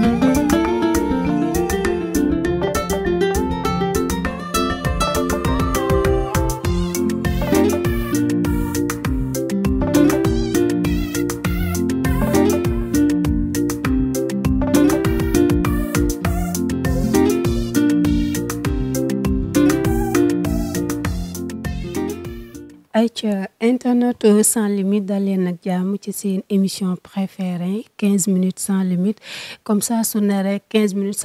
thank you cent limite daal leen nag jàmm ci seen émission préférée 15 minutes sans comme ça su ne rek 15 minutes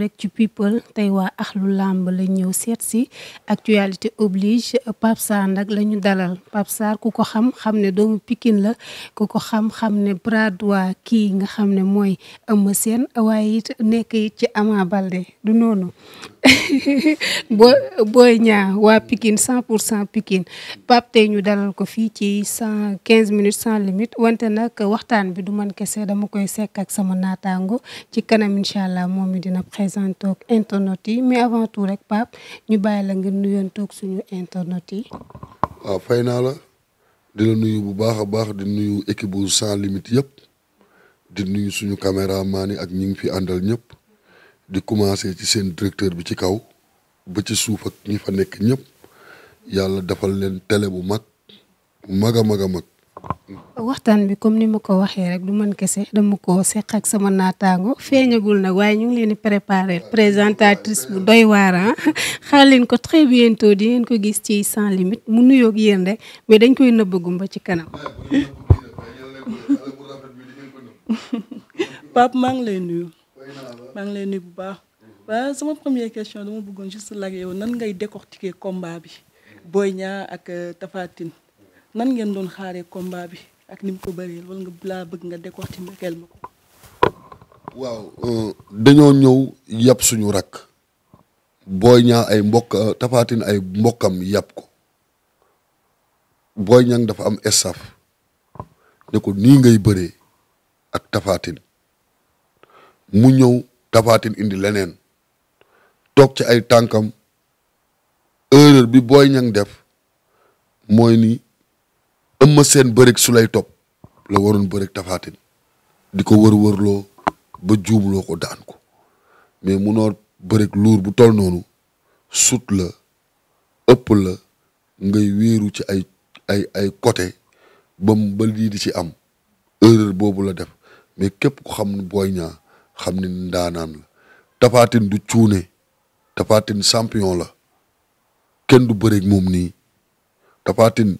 rek ci people tey wa axlu làmb la ñëw seet si actualité oblige Pape Sarr nag la dalal Pape Sarr ku ko xam xam ne doomu Pikine la ku ko xam xam ne bras droit kii nga xam ne mooy Eumeu Sène waaye it nekk ci Ama Baldé du noonu boo booy ñaa waa Pikine cent pour cent pikin Pape tey ñu dalal ko fii ci cent quinze minutes sans limite wante nag waxtaan bi du man kese dama koy sekk ak sama naataango ci kanam incha allah moom mi dina présenté ak internautes yi mais avant tout rek Pape ñu bàyyi la nga nuyoon toog suñu internautes yi. waaw fay naa la di la nuyu bu baax baax di nuyu équipe bu sans limite yëpp di nuyu suñu caméraman yi ak ñi ngi fi àndal ñëpp. di commencé ci seen directeur bi ci kaw ba ci suuf ak ñi fa nekk ñëpp yàlla defal leen télé bu mag bu mag a mag a mag. waxtaan bi comme ni ma ko waxee rek du man kese dama ko seq ak sama naataango feeñagul nag waaye ñu ngi leen di préparer présentatrice bu doy waar ah. xaar leen ko très bientôt di ngeen ko gis ci sans limite mu nuyoog yéen rek mais dañ koy nëbbagum ba ci kanam. maa ngi lay bu baax. sama première question dama bëggoon juste laaj yow nan ngay décortiquer combat bi Boy Niang ak euh, Tapha nan ngeen doon xaaree komba bi ak nim mu ko bëree wala nga laa bëgg nga décortiquer ma ko. waaw euh, dañoo ñëw yàpp suñu rakk Boy Niang ay mbokk euh, Tapha ay mbokkam yàpp ko Boy Niang dafa am staff ne ko nii ngay bëree ak Tapha mu ñëw. tafaatin indi leneen toog ci ay tànkam erreur bi booy ñang def mooy ni ëmma seen bërig sulay lay topp la waroon bërig tafaatin di ko wër-wërloo ba juumloo ko daan ko mais munoo bërig luur bu tol noonu sut la ëpp la ngay wéeru ci ay ay ay côté bam ba lii di ci am erreur boobu la def mais képp ku xam ne booy ñaa xam ni ndaanaan la tafatin du cuune tafatin champion la kenn du bëreeg moom nii tafatin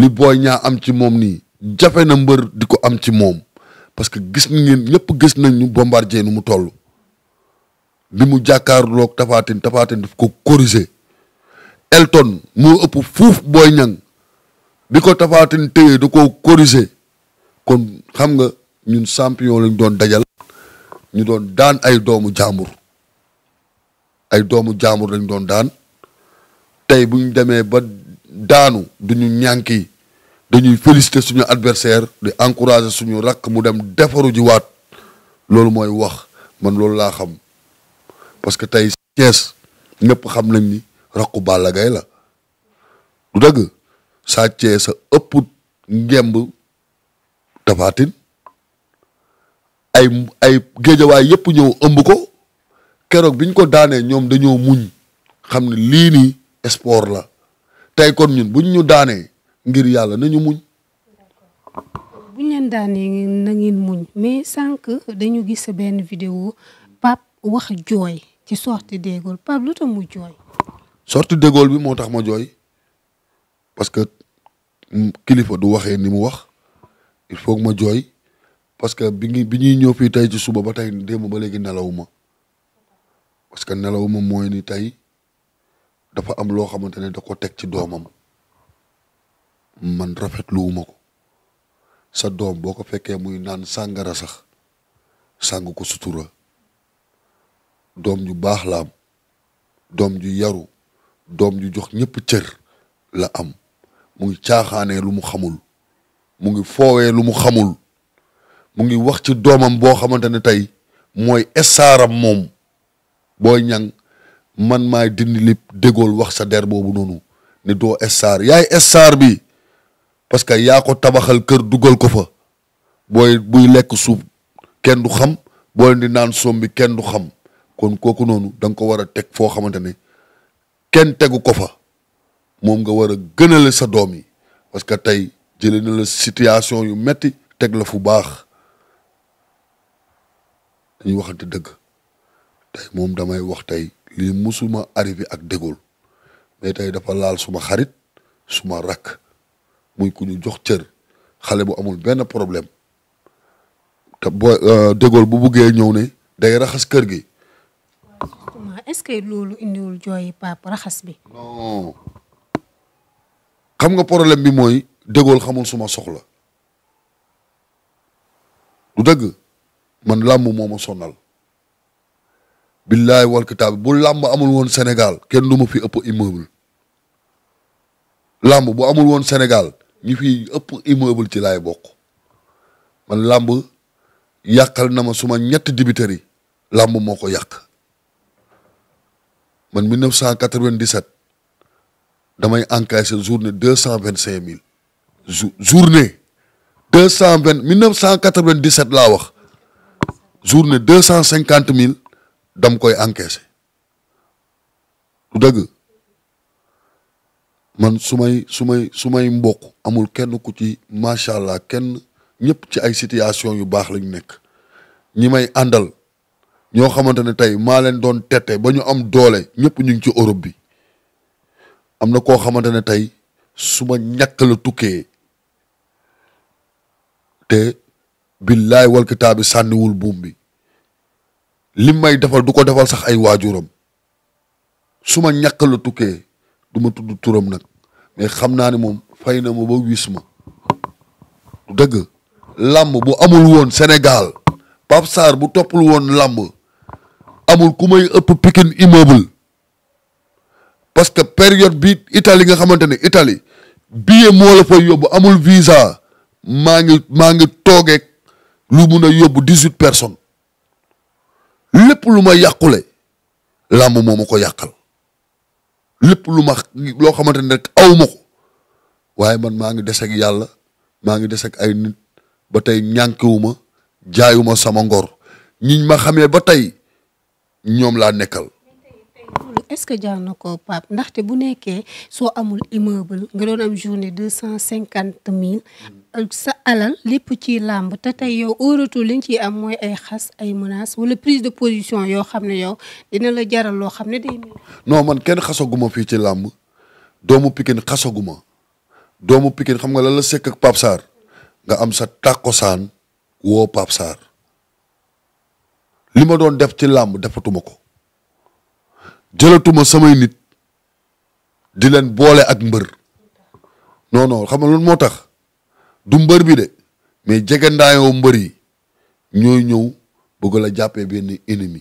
li booy ñaa am ci moom nii jafe na mbër di ko am ci moom parce que gis ngeen ñëpp gis nañ ñu bombardier nu mu toll bi mu jàkkaarloog tafatin tafatin daf ko corriger Elton mu ëpp fuuf booy ñang bi ko tafatin téye da ko corriger kon xam nga ñun champion lañ doon dajal ñu doon daan ay doomu jaambur ay doomu jaambur lañ doon daan tey bu ñu demee ba daanu duñu ñànki dañuy féliciter suñu adversaire di encourager suñu rakk mu dem defaru ji waat loolu mooy wax man loolu laa xam parce que tey Thiès ñëpp xam nañ ni rakku Balla la du dëgg Sa sa ëpp ngemb Tapha ay ay géejawaay yëpp ñëw ëmb ko keroog biñ ko daanee ñoom dañoo muñ xam ne lii nii sport la tey kon ñun buñ ñu daanee ngir yàlla nañu muñ. buñ leen daanee na muñ mais sànq dañu gis benn vidéo Pape wax jooy ci sortie De Gaulle Pape lu bi moo tax ma jooy parce que kilifa du waxee ni mu wax il faut ma jooy. parce que bi ngi bi ñuy ñëw fii tey ci suba ba tey démb ba léegi nelawuma parce que nelawuma mooy ni tey dafa am loo xamante ne da ko teg ci doomam man rafetluwuma ko sa doom boo ko fekkee muy naan sàngara sax sàng ko sutura doom ju baax la am doom ju yaru doom ju jox ñëpp cër la am mu ngi caaxaanee lu mu xamul mu ngi foowee lu mu xamul mu ngi wax ci doomam boo xamante ne tey mooy esaaram moom booy ñang man maay dindi li dégool wax sa der boobu noonu ne doo estaar yaay estaar bi parce que yaa ko tabaxal kër dugal ko fa booy buy lekk suuf kenn du xam booy di naan soom bi kenn du xam kon kooku noonu danga ko war a teg foo xamante ne kenn tegu ko fa moom nga war a gënale sa doom yi parce que tey jëlee na la situation yu metti teg la fu baax dañuy waxante dëgg tey moom damay wax tey lii musuma arrivé ak dégul mais tay dafa laal suma xarit suma rakk muy ku ñu jox cër xale bu amul benn problème te boo euh, dégul bu buggee ñëw ne day raxas kër gi. est-ce que loolu indiwul jooyi nga problème bi mooy dégul xamul suma soxla du dëgg. man làmb moo ma sonal. billaay wal kitaab bu làmb amul woon Sénégal kenn du ma fi ëpp immeuble làmb bu amul woon Sénégal ñi fi ëpp immeuble ci lay bokk man làmb yàqal na ma suma ñetti dibiteri làmb moo ko yàq man 1997 damay encaissé journée deux cent vingt cinq mille journée deux cent vingt 1997 laa wax journée deux cent cinquante mille dam koy encaissé du dëgg man sumay sumay su may su mbokk amul kenn ku ci macha allah kenn ñëpp ci ay situation yu baax lañu nekk ñi may àndal ñoo xamante ne tey maa leen doon tette ba ñu am doole ñëpp ñu ngi ci Europe bi am na koo xamante ne tey suma ma ñàkk tukkee te billaay wal sànniwul buum bi may defal du ko defal sax ay waajuram su ma ñàkk la tukkee du ma tudd turam nag mais xam naa ni moom fay na moo ba wis du dëgg làmb bu amul woon senegal Pape Sarr bu toppul woon làmb amul ku may ëpp Pikine immeuble parce que période bi Italie nga xamante ne Italie billet moo fay yóbbu amul visa maa ngi maa ngi toogeeg lu mun a yóbbu dix-huit personnes lépp lu ma yàqule làmb moo ma ko yàqal lépp lu ma loo xamante ne rek aw ma ko waaye man maa ngi deseek yàlla maa ngi deseek ay nit ba tey ñànkiwuma jaayuma sama ngor ñiñ ma xamee ba tey ñoom laa nekkal est-ce que jaar na ko Pape ndaxte bu nekkee soo amul immeuble nga doon am journée deux cent cinquante mille mm. sa alal lépp ci làmb te tey yow au retour li nga ciy am mooy ay xas ay menaces wala prise de position yoo xam ne yow dina la jaral loo xam ne day mel. non man kenn xasaguma fii ci làmb doomu pikin xasaguma doomu Pikine xam nga lan la sekk ak Pape nga am sa tàkkosaan woo Pape Sarr li doon def ci làmb defatuma ko. jëlatuma samay nit di leen boole ak mbër non non xam nga loolu moo tax du mbër bi de mais jege ndaayoo mbër yi ñooy ñëw bëgg la jàppee benn ennemi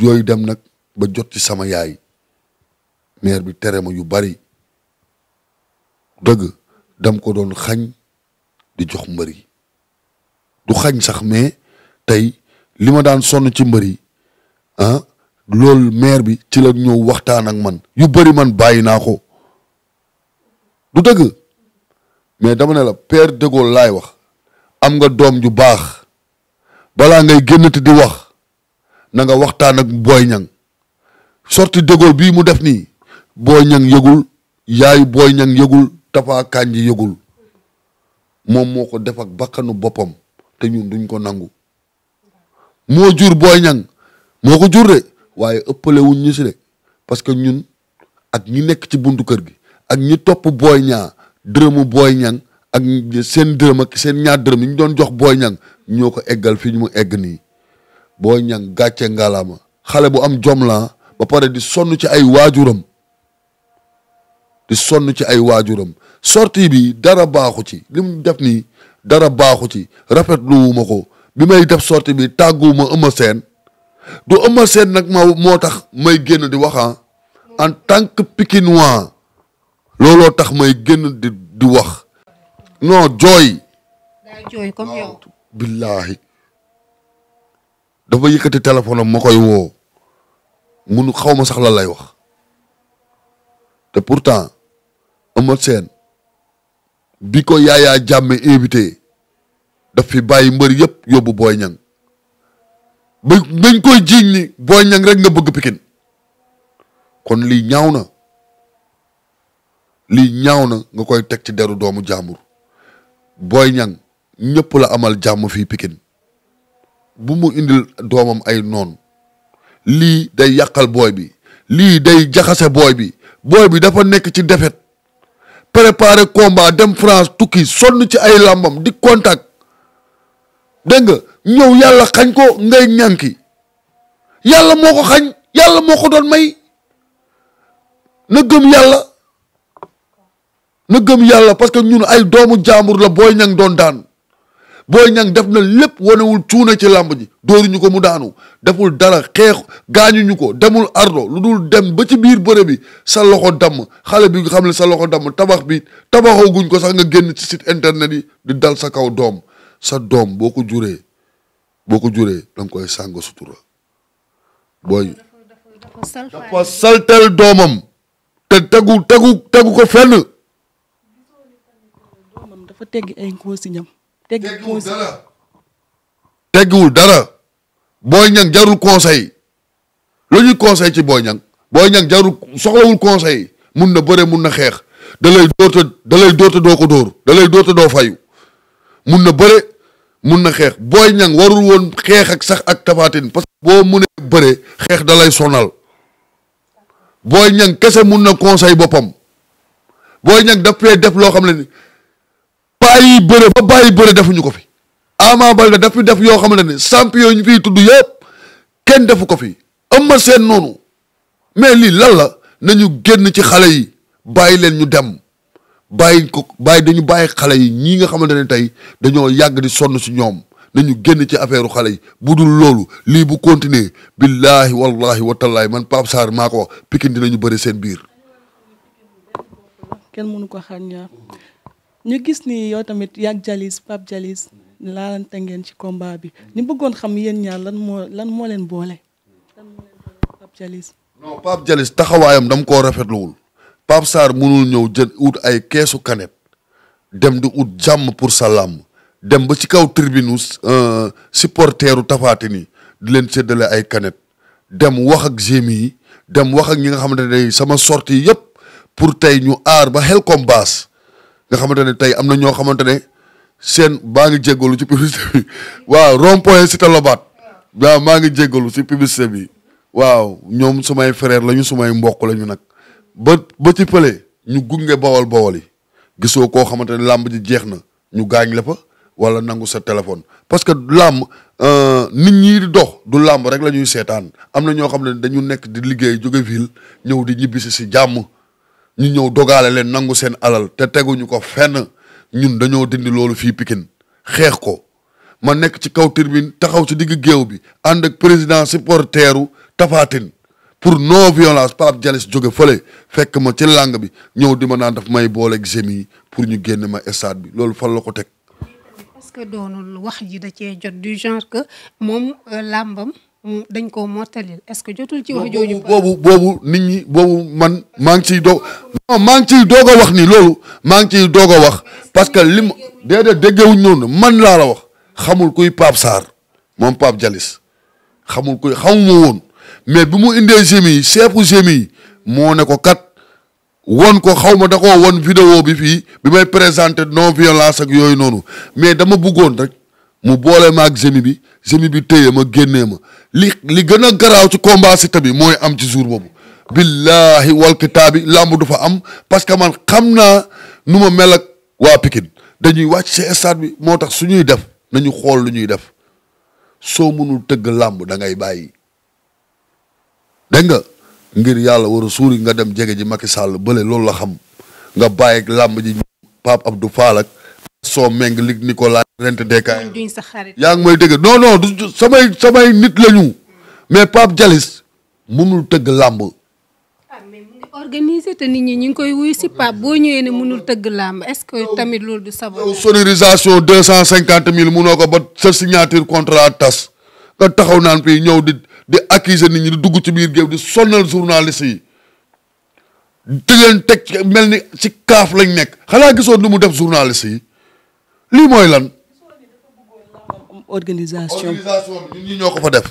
yooyu dem nag ba jot ci sama yaay meer bi tere ma yu bari dëgg dam ko doon xañ di jox mbër yi du xañ sax mais tey li ma daan sonn ci mbër yi ah loolu maire bi ci la ñëw waxtaan ak man yu bari man bàyyi naa ko du dëgg mais dama ne la père de Gaulle laay wax am nga doom ju baax balaa ngay génnati di wax nanga waxtaan ak Boy Niang sorti de Gaulle bii mu def nii Boy Niang yëgul yaay Boy Niang yëgul Tapha Kandji yëgul moom moo ko def ak bakkanu boppam te ñu duñ ko nangu moo jur Boy Niang moo ko jur de waaye ëppale wuñ ñu si de parce que ñun ak ñi nekk ci buntu kër gi ak ñi topp booy ñaa dërëmu booy ñang ak seen dërëm ak seen ñaar dërëm yi ñu doon jox booy ñang ñoo ko eggal fii ñu mu egg nii booy ñang gàcce ngalaama xale bu am jomla ba pare di sonn ci ay waajuram di sonn ci ay waajuram sorti bi dara baaxu ci li mu def nii dara baaxu ci rafet rafetluwuma ko bi may def sorti bi tàgguwuma ëma seen du Eumeu seen nag ma moo tax may génn di wax ah. en tant que Pikinois looloo tax may génn di di wax non jooy. daay jooy billaahi dafa yëkkati téléphone ma koy woo munu xaw ma sax la lay wax te pourtant Eumeu seen bi ko yaayaa jàmme invité daf fi bàyyi mbër yëpp yóbbu Boy Niang ba dañ koy jiiñ ni Boy Niang rek nga bëgg pikin kon lii ñaaw na lii ñaaw na nga koy teg ci deru doomu jàmbur booy Niang ñépp la amal jàmm fii pikin bu mu indil doomam ay noon lii day yàqal booy bi lii day jaxase booy bi booy bi dafa nekk ci defet préparer combat dem France tukki sonn ci ay làmbam di contact dégg nga ñëw yàlla xañ ko ngay ñànki yàlla moo ko xañ yàlla moo ko doon may na gëm yàlla na gëm yàlla parce que ñun ay doomu jaambur la booy ñang doon daan booy ñang def na lépp wanewul cuuna ci làmb ji dóoruñu ko mu daanu deful dara xeex gaañuñu ko demul ardo lu dul dem ba ci biir bëre bi sa loxo damm xale bi nga xam ne sa loxo damm tabax bi tabaxaguñ ko sax nga génn ci site internet yi di dal sa kaw doom sa doom boo ko juree boo ko juree da nga koy sàng sutura booy dafa saltel doomam te tegu tegu tegu ko fenn doomam dafa teggi ay consignam teggiwul dara teggiwul dara booy ñang jarul conseil lu ñuy conseil ci booy ñang booy ñang jarul soxlawul conseil mun na bëre mun na xeex da lay dóorta da lay dóorta doo ko dóor dalay lay dóorta doo fayu mun na bëre mun na xeex booy ñang warul woon xeex ak sax ak tafatin parce que boo munee bëre xeex da lay sonal booy ñang kese mun na conseil boppam booy ñang daf fee def loo xam ne ni bàyyi bëre ba bàyyi bëre defuñu ko fi Ama Baldé daf fi def yoo xam ne ni champion ñu fiy tudd yëpp kenn defu ko fi ëmma seen noonu mais lii lan la nañu génn ci xale yi bàyyi leen ñu dem bàyyi ko bàyyi dañu bàyyi xale yi ñii nga xamante ne tey dañoo yàgg di sonn si ñoom nañu génn ci affaire xale yi bu dul loolu lii bu continuer billaahi wallahi watallahi man Pape Sarr maa ko wax Pikine dinañu bëri seen biir. kenn mënu ko xaar ñaar ñu gis ni yow tamit yàgg Jalis Pape Jalis laalante ngeen ci combat bi ñu bëggoon xam yéen ñaar lan moo lan moo leen boole. lan moo leen Jalis. taxawaayam dam koo rafetluwul. Pape Sarr mënul ñëw jël ut ay keesu kanet dem di ut jàmm pour sa làmm dem ba ci kaw tribune euh, supporteru Tapha Tine di leen séddale ay kanet dem wax ak gémi yi dem wax ak ñi nga xamante ne sama sortie yëpp pour tey ñu aar ba xel comme baas nga xamante ne tey am na ñoo xamante ne seen baa ngi jéggalu ci publicité bi waaw rond-point Cité waaw maa ngi jéggalu ci publicité bi waaw ñoom sumay frère lañu sumay mbokk lañu nag ba ba ci pële ñu gunge bawal bawal yi gisoo koo xamante ne làmb ji jeex na ñu gaañ la fa wala nangu sa téléphone parce que làmb euh, nit ñi di dox du làmb rek la ñuy seetaan am na ñoo xam ne dañu nekk di liggéey jóge ville ñëw di ñibbisi si jàmm ñu ñëw dogaale leen nangu seen alal te teguñu ko fenn ñun dañoo dindi loolu fii Pikine xeex ko ma nekk ci kaw tribune taxaw ci digg géew bi ànd ak président supporteru Tapha Tine pour non violence Pape Dialis jóge fële fekk ma ci làng bi ñëw di ma naan daf may booleeg gémi pour ñu génn ma stade bi loolu fan la ko teg. parce que doonul wax ji da cee jot du genre que moom euh, làmbam dañ koo mottalil est-ce que jotul ci wax jooju. boobu boobu nit ñi boobu man maa ngi ciy doog non maa ngi ciy doog a wax ni loolu maa ngi ciy doog a wax parce que lim ma déedéet déggewuñ noonu man laa la wax xamul kuy Pape Sarr moom Pape Dialis xamul kuy xamuma woon. mais bi mu indee gémi yi chefu gémi yi moo ne ko kat won ko xawma ma da koo won vidéo bi fii bi may présenté non violence ak yooyu noonu mais dama buggoon rek mu boolee ma ak gémi bi gémi bi téye ma génnee ma li li gën a garaaw ci combat si tamit mooy am ci jour boobu billahi wal kitaabi làmb du fa am parce que man xam naa nu ma mel ak waa Pikine dañuy wàcc si stade bi moo tax su ñuy def nañu xool lu ñuy def soo mënul tëgg làmb da ngay bàyyi dégg nga ngir yàlla war a suuri nga dem jege ji Macky Sall bële loolu la xam nga bàyyi làmb ji Pape Abdou Fall ak soo meng lig Nicolas rent dekaay yaa ngi may dégg non non du samay samay nit lañu mais Pape Dialis mënul tëgg làmb ah, organisé te nit ñi ñu ngi koy wuyu si boo ñëwee ne mënul tëgg làmb est-ce que tamit loolu du sabab sonorisation deux cent cinquante mille munoo ko ba sa signature contrat tas nga taxaw naan fii ñëw di di accuser nit ñi dugg ci biir géew di sonnal journaliste yi di leen teg mel ni ci kaaf lañ nekk xanaa gisoon ni mu def journaliste yi lii mooy lan. organisation organisation ñun ñi ñoo ko fa def.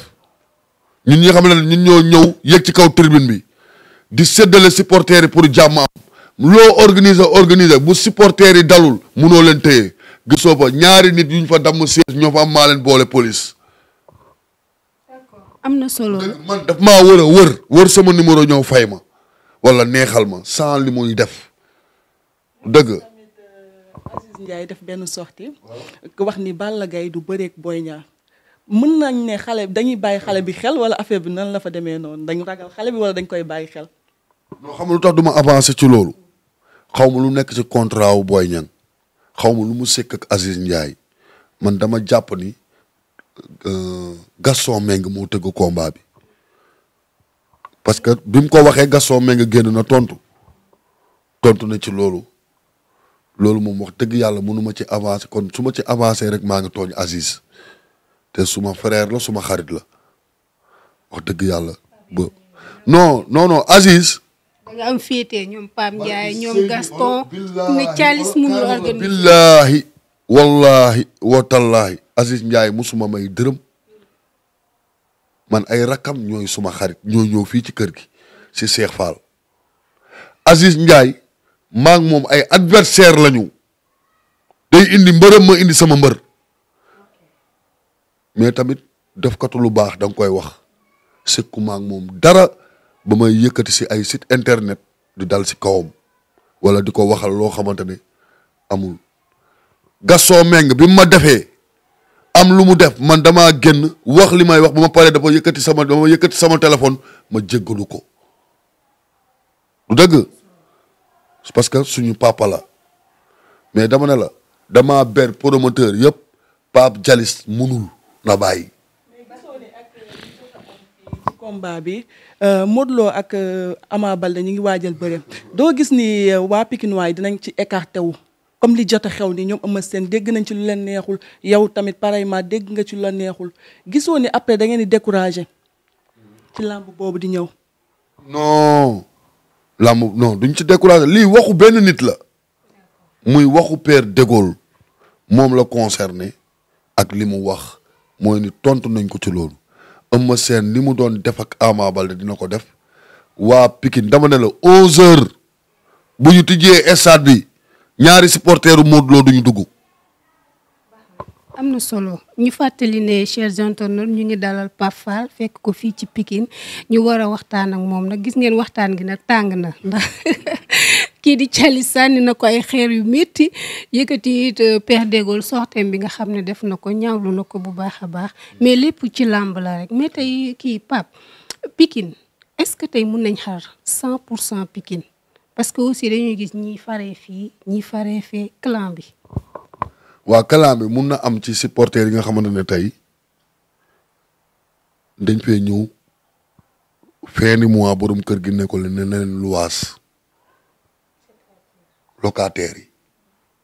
ñun ñi xam ne ñun ñoo ñëw yëg ci kaw tribune bi di séddale supporters yi pour jàmm am loo organiser organiser bu supporters yi dalul munoo leen téye gisoo fa ñaari nit yuñ fa damm si ñoo fa am maa leen boole police. am na solo man daf maa war wër wër sama numéro ñëw fay ma wala neexal ma sans li muy def dëgg. Aziz Ndiaye def benn sortie wax ni Balla Gaye du bëreeg booy Niang mën nañ ne xale dañuy bàyyi xale bi xel wala affaire bi nan la fa demee noonu dañu ragal xale bi wala dañ koy bàyyi xel. non xam lu tax du ma avancé ci loolu xaw ma lu nekk ci contrat wu Boy Niang xaw ma lu mu sekk ak Aziz Ndiaye man dama jàpp ni Euh, Gaston Meng moo tëgg combat bi parce que bi mu ko waxee Gaston Meng génn na tontu tontu na ci loolu loolu moom wax dëgg yàlla mënu ci avancer kon su ma ci avancer rek maa ngi tooñ Aziz te suma frère la suma xarit la wax dëgg yàlla ba non non non Aziz. nga am féete ñoom Pape Ndiaye ñoom Gaston. ne Thialis mënul organiser. billaahi. wallahi watallahi Aziz Ndiaye musuma may dërëm man ay rakkam ñooy suma xarit ñoo ñëw fii ci kër gi si Cheikh Fall Aziz Ndiaye maak moom ay adversaire lañu day indi mbërëm ma indi sama mbër mais tamit def katu lu baax danga koy wax sëkku maa moom dara ba may yëkkati si ay sit internet di dal si kawam wala di ko waxal loo xamante ne amul gasoo meng bi ma defee am lu mu def man dama génn wax li may wax bu ma paree dafa yëkkati sama dama yëkkati sama téléphone ma jéggalu ko du dëgg parce que suñu papa la mais dama ne la damaa ber promoteur yëpp Pape Jalis munul na bàyyi. combat bi euh, Modou Lo ak euh, Ama Baldé ñu ngi waajal bëre doo gis ni euh, waa Pikine waay dinañ ci écarté wu. comme li jot a xew ni ñoom Eumeu seen dégg nañ ci lu leen neexul yow tamit pareillement dégg nga ci lu leen neexul gisoo ni après da ngeen di découragé ci làmb boobu di ñëw. non làmb non duñ ci découragé li waxu benn nit la muy waxu per de moom la concerné ak li mu wax mooy ni tontu nañ ko ci loolu Eumeu seen li mu doon def ak Ama Baldé dina ko def waa Pikine dama ne la 11h bu ñu tijjee stade bi. ñaari supporteru Modou Lo duñu dugg. am na solo ñu fàttali ne chers internautes ñu ngi dalal Pape Fall fekk ko fii ci pikin ñu war a waxtaan ak moom nag gis ngeen waxtaan gi nag tàng na ndax kii di Cali sànni na ko ay xeer yu metti yëkkati it euh, Père de bi nga xam ne def na ko ñaawlu na ko bu baax a baax mais lépp ci làmb la rek mais tey kii pap Pikine est-ce que tey mun nañ xaar 100 pour cent Pikine parce que aussi dañuy gis ñi faree fii ñi faree fee clan waa clan bi mun na am ci supporters yi nga xamante ne tey dañ fee ñëw feeni mois borom kër gi nekkul ne ne leen luwaas locataires yi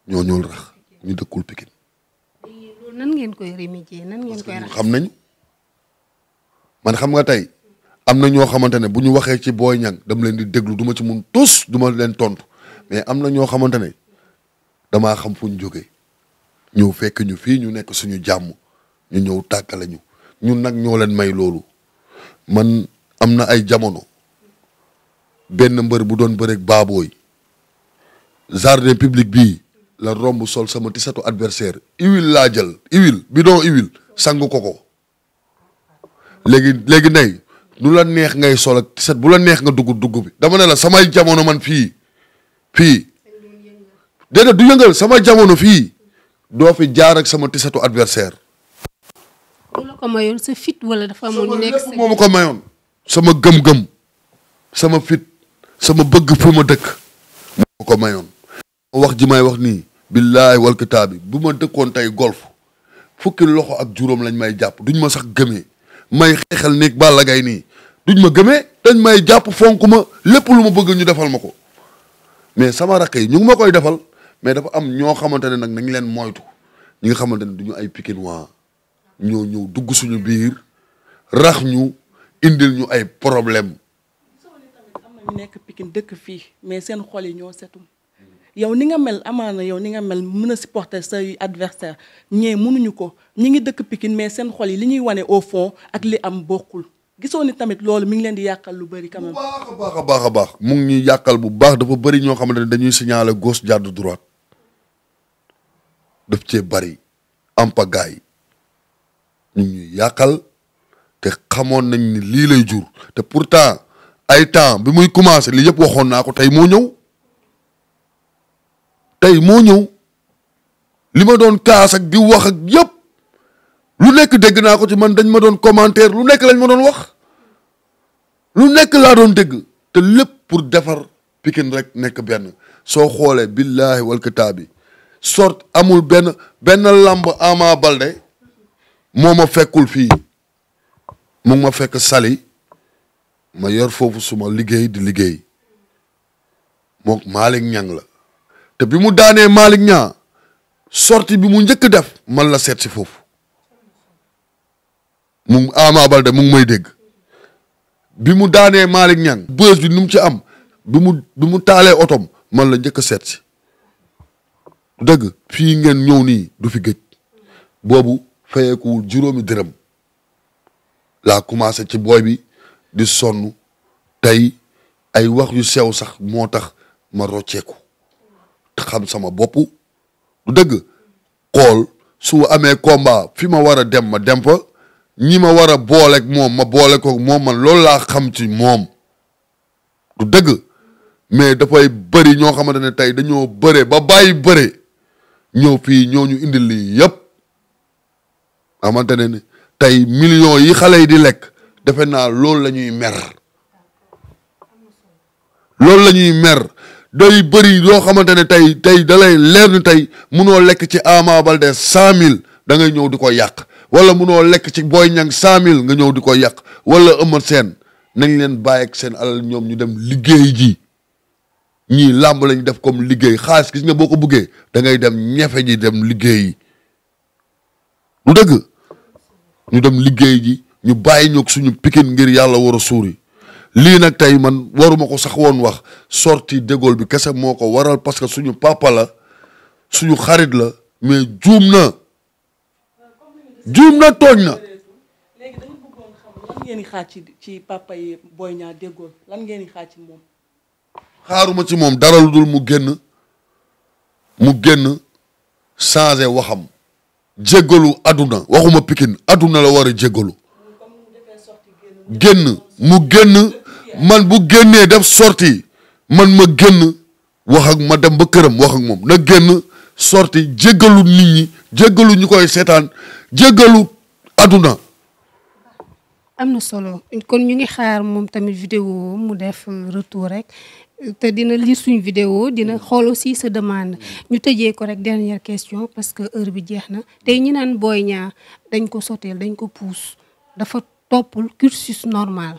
ñoo ñuul rax ñu dëkkul Pikine. nan ngeen koy remédier nan ngeen koy. xam nañu man xam nga tey. am na ñoo xamante ne bu ñu waxee ci booy Niang dama leen di déglu duma ci mun tus du leen tontu mais am na ñoo xamante ne damaa xam fu ñu ñëw fekk ñu fii ñu nekk suñu jàmm ñu ñëw tàggale ñu ñun nag ñoo leen may loolu man am na ay jamono benn mbër bu doon bëreeg baabooy jardin public bii la romb sol sama tisatu adversaire huile laa jël huile bidon huile sangu ko ko léegi léegi nay lu la neex ngay sol ak set bu la neex nga dugg dugg bi dama ne la samay jamono man fii fii déedéet du yëngal sama jamono fii doo fi jaar ak sama tisetu adversaire. ku la ko mayoon sa sama mayoon. sama gëm-gëm sama fit sama bëgg fi ma dëkk moo ko mayoon. wax ji may wax nii. billaay walkitaabi bu ma dëkkoon tey golf fukki loxo ak juróom lañ may jàpp duñ ma sax gëmee. may xeexal néeg Balla Gaye nii duñ ma gëmee dañ may jàpp fonk ma lépp lu ma bëgg ñu defal ma ko mais sama rax yi ñu ngi ma koy defal mais dafa am ñoo xamante ne nag nañ leen moytu ñi nga xamante ne duñu ay Pikinois ñoo ñëw dugg suñu biir rax ñu indil ñu ay problème. nekk Pikine dëkk fii mais seen xol yi ñoo setum yow ni nga mel amaana yow ni nga mel mën a supporter say adversaire ñee mënuñu ko ñi ngi dëkk Pikine mais seen xol yi li ñuy wane au fond ak li am bokkul gisoo ni tamit loolu mi ngi leen di yàqal lu bari quand même. baax mu ngi ñuy yàqal bu baax dafa bëri ñoo xamante ne dañuy signaler gauche jàdd droite daf cee bëri ampagaay ñu ñuy yàqal te xamoon nañ ni lii lay jur te pour temps ay temps bi muy commencé li yëpp waxoon naa ko tey moo ñëw. tey moo ñëw li ma doon kaas ak di wax ak yépp lu nekk dégg naa ko ci man dañ ma doon commentaire lu nekk lañ ma doon wax lu nekk laa doon dégg te lépp pour defar Pikine rek nekk benn soo xoolee billaahi wal kitaabi sort amul benn benn lamb Ama Baldé moo ma fekkul fii mu ma fekk sali ma yor foofu suma liggéey di liggéey mook Malick Niang la te bi mu daanee Malick Niang sorti bi mu njëkk def man la seet foofu mu Ama Baldé mu may dégg bi mu daanee Malick Niang bës bi nu ci am bi mu taalee otom man la njëkk a seet si dëgg fii ngeen ñëw nii du fi gëj boobu fayeekuwul juróomi dërëm laa commencé ci booy bi di sonn tey ay wax yu sew sax moo tax ma rocceeku xam sama bopp du dëgg xool su amee combat fi ma war a dem ma dem fa ñi ma war a booleek moom ma boole koog moom man loolu laa xam ci moom du dëgg mais dafay bëri ñoo xamante ne tey dañoo bëre ba bàyyi bëre ñëw ñu indil lii yëpp xamante ne ni tey millions yi xale yi di lekk defe naa loolu la ñuy mer loolu la ñuy mer day bëri loo xamante ne tey tey da leer ni tey munoo lekk ci Ama Baldé cent mille da ñëw di ko yàq wala munoo lekk ci Boy Niang cent mille nga ñëw di ko yàq wala Eumeu Sène nañ leen bàyyi ak seen alal ñoom ñu dem liggéey ji ñii làmb lañ def comme liggéey xaalis gis nga boo ko buggee da ngay dem ñefe ji dem liggéey yi lu dëgg ñu dem liggéey ji ñu bàyyi ñoog suñu pikin ngir yàlla war a suuri lii nag tey man waruma ko sax woon wax sorti de bi kese moo ko waral parce que suñu papa la suñu xarit la mais juum na juum na tooñ na. léegi ci ci papa ci moom. xaaruma ci moom dara lu dul mu génn mu génn changé waxam. jéggalu àdduna waxuma pikin àdduna la war a jéggalu génn mu génn man bu génnee def sorti man ma génn wax ak ma dem ba këram wax ak moom na génn sorti jéggalu nit ñi jéggalu ñu koy seetaan jéggalu àdduna am na solo kon ñu ngi xaar moom tamit vidéo mu def retour rek te dina lire suñ vidéo dina xool aussi sa demande ñu tëjee ko rek dernière question parce que heure bi jeex na tey ñi naan booy Niang dañ ko soteel dañ ko puus dafa toppul cursus normal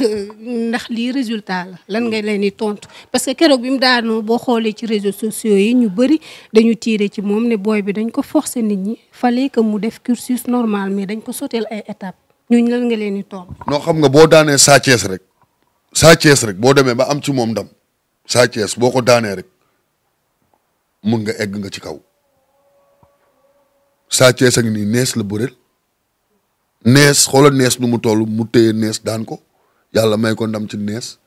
ndax lii résultat la lan nga leen di tontu parce que keroog bi mu daanoo boo xoolee ci réseaux sociaux yi ñu bëri dañu tiire ci moom ne booy bi dañ ko forcer nit ñi fallait que mu def cursus normal mais dañ ko soteel ay étapes ñu lan nga leen di tontu. noo xam nga boo daanee Sa rek Sa rek boo demee ba am ci moom ndam Sa boo ko daanee rek mun nga egg nga ci kaw Sa ak nii nees la bëreel nees xoola nees nu mu toll mu téye nees daan ko yàlla may ko ndam ci nees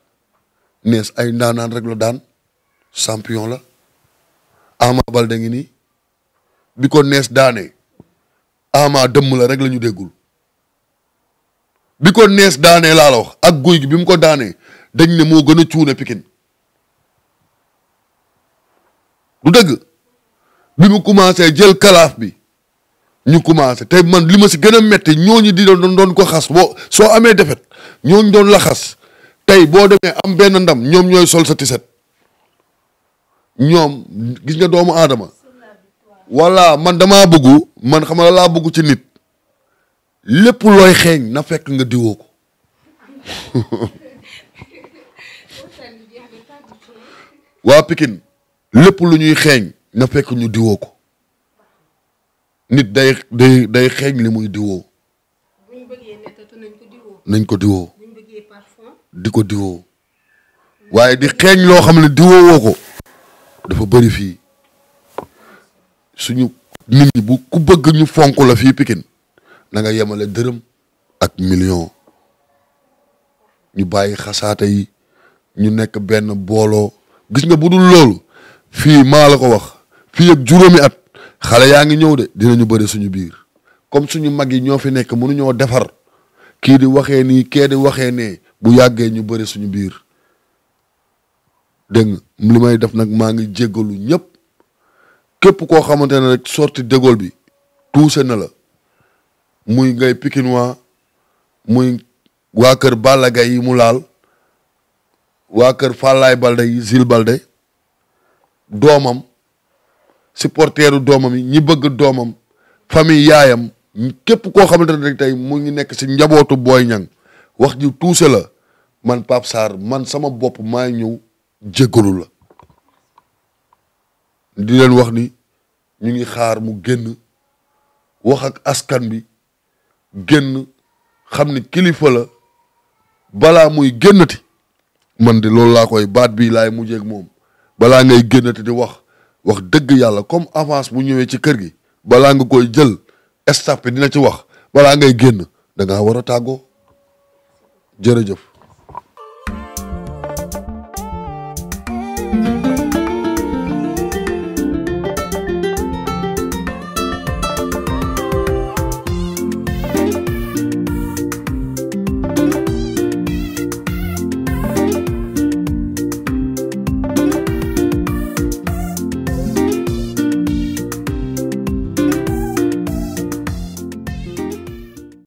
nees ay ndaanaan rek la daan champion la Ama Baldé ngi nii bi ko nees daanee Ama dëmm la rek lañu ñu bi ko nees daanee laa ak guy gi bi mu ko daanee dañ ne moo gën a cuune pikin du dëgg bi mu commencé jël kalaaf bi ñu commencé tey man li ma si gën a métti ñooñu di doon doon ko xas boo soo amee defet ñooñu doon la xas tey boo demee am benn ndam ñoom ñooy sol sa tiset ñoom gis nga doomu aadama walla man dama bëggu man xam nga laa bëggu ci nit lépp looy xeeñ na nga diwoo ko waa Pikine lépp lu ñuy xeeñ na fekk ñu diwoo ko nit day day day xeeñ li muy diwoo. nañ ko diwoo. di ko diwoo. waaye di xeeñ loo xam ne diwoo ko. dafa bari fii suñu nit ñi bu ku bëgg ñu fonk la fii pikin na yemale dërëm ak million ñu bàyyi xasaate yi ñu nekk benn booloo gis nga bu dul loolu fii maa la ko wax fii ak juróomi at xale yaa ngi ñëw de dinañu bëri suñu biir comme suñu mag yi ñoo fi nekk mënuñoo defar kii di waxee nii kee di waxee ne bu yàggee ñu bëri suñu biir dégg nga li may def nag maa ngi jéggalu ñépp képp koo xamante ne rek sorti De bi tuuse na la muy ngay Pikinois muy waa kër Balla Gaye yi mu laal waa kër Fallaye Balde yi Zil Balde doomam supporteru doomam yi ñi bëgg doomam famille yaayam képp koo xamante ne tey mu ngi nekk si njabootu booy Niang wax ji tuuse la man Pape Sarr man sama bopp maa ñëw jéggalu la di leen wax ni ñu ngi xaar mu génn wax ak askan bi génn xam ni kilifa la balaa muy génnati man de loolu laa koy baat bi laay mujjee ak moom balaa ngay génnati di wax wax dëgg yàlla comme avance bu ñëwee ci kër gi balaa nga koy jël estapé dina ci wax balaa ngay génn da ngaa war a tàggoo jërëjëf